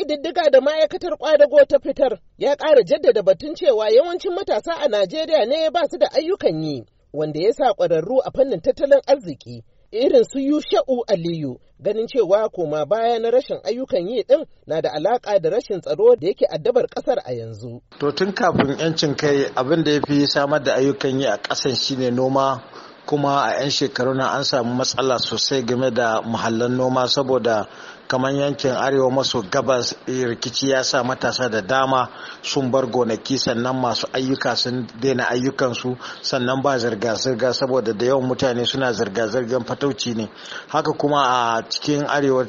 ƙididdiga da ma'aikatar kwadago ta fitar ya ƙara jaddada batun cewa yawancin matasa a Najeriya ne ba su da ayyukan yi, wanda ya sa ƙwararru a fannin tattalin arziki irin su Yusha'u Aliyu ganin cewa koma baya na rashin ayyukan yi din na da alaƙa da rashin tsaro da yake addabar ƙasar a yanzu. To tun kafin 'yancin kai abin da ya fi samar da ayyukan yi a ƙasan shine noma kuma a 'yan shekaru na an samu matsala sosai game da muhallan noma saboda kamar yankin arewa maso gabas eh, rikici ya sa matasa da dama sun bar gonaki sannan masu ayyuka sun daina ayyukansu sannan ba zirga-zirga saboda da yawan mutane suna zirga-zirgar fatauci ne haka kuma a cikin arewa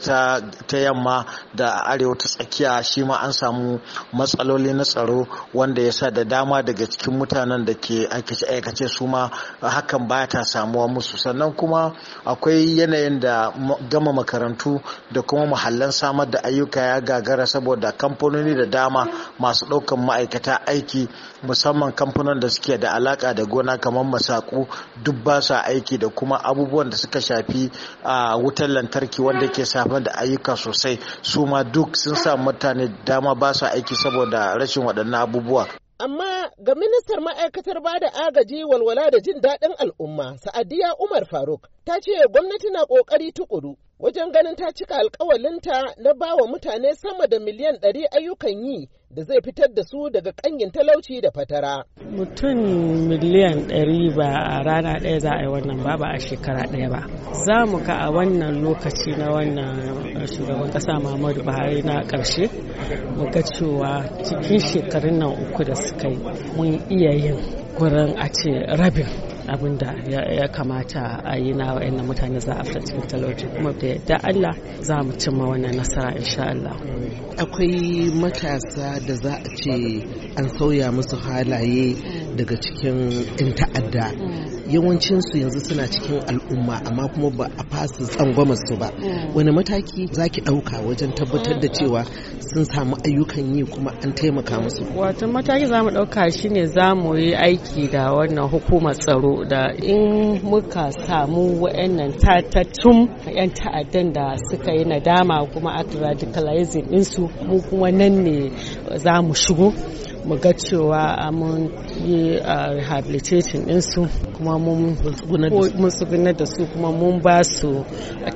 ta yamma da arewa ta tsakiya shi ma an samu matsaloli na tsaro wanda ya sa da dama daga cikin mutanen da ke aikace su ma hakan ba ta samuwa musu sannan kuma akwai yanayin da gama makarantu da kuma muhallan samar da ayyuka ya gagara saboda kamfanoni da dama masu ɗaukan ma'aikata aiki musamman kamfanon da suke da alaka da gona kamar masaku duk ba sa aiki da kuma abubuwan da suka shafi a wutar lantarki wanda ke samar da ayyuka sosai su ma duk sun sa mutane dama ba su aiki saboda rashin waɗannan abubuwa amma ga ministar ma'aikatar ba da agaji walwala da jin daɗin al'umma sa'adiya umar faruk ta ce gwamnati na ƙoƙari tuƙuru. wajen ganin ta cika alkawalinta na ba wa mutane sama da miliyan ɗari ayyukan yi da zai fitar da su daga ƙangin talauci da fatara. Mutum miliyan ɗari ba a rana ɗaya za a yi wannan ba ba a shekara ɗaya ba. Za mu ka a wannan lokaci na wannan eh, shugaban ƙasa Muhammadu Buhari na ƙarshe mu ga cewa cikin shekarun nan uku da suka yi mun iya yin gurin a ce rabin abin da ya kamata a yi na na mutane za a fita cikin talauci kuma da yadda Allah za mu cimma wannan nasara insha Allah. Akwai matasa da za a ce an sauya musu halaye daga cikin 'yan ta'adda yawancinsu yanzu suna cikin al'umma amma kuma ba a fasa tsangwamar su ba mm. wani mataki za ki ɗauka wajen tabbatar da cewa sun samu ayyukan yi kuma an taimaka musu wato mataki za mu ɗauka ne za mu yi aiki da wannan hukumar tsaro da in muka samu wa'annan tatattun 'yan ta'addan da suka yi nadama kuma a radicalizing ɗinsu mu kuma nan ne za mu shigo mu ga cewa ah, mun yi a ah, rehabilitating ɗinsu kuma mun tsugunar da su kuma mun ba su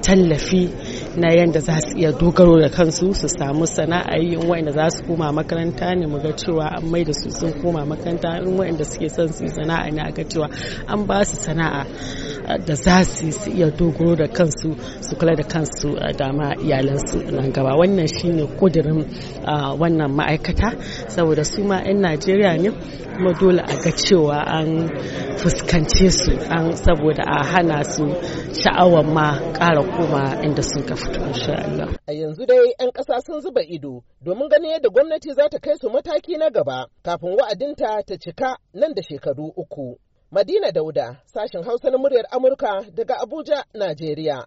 tallafi na yadda za su iya dogaro da kansu su samu sana'a yin in wa'anda za su koma makaranta ne mu ga cewa an mai da su sun koma makaranta in wa'anda suke son su yi sana'a ne aka cewa an ba su sana'a da za su iya dogaro da kansu su kula da kansu da ma iyalansu nan gaba wannan shine kudirin wannan ma'aikata saboda su ma 'yan najeriya ne kuma dole a ga cewa an fuskance su an saboda a hana su sha'awar ma ƙara koma inda sun kafa A yanzu dai 'yan ƙasa sun zuba ido domin ganin yadda gwamnati za ta kai su mataki na gaba kafin wa'adinta ta cika nan da shekaru uku. Madina Dauda, sashen Hausa na muryar Amurka daga Abuja, Najeriya.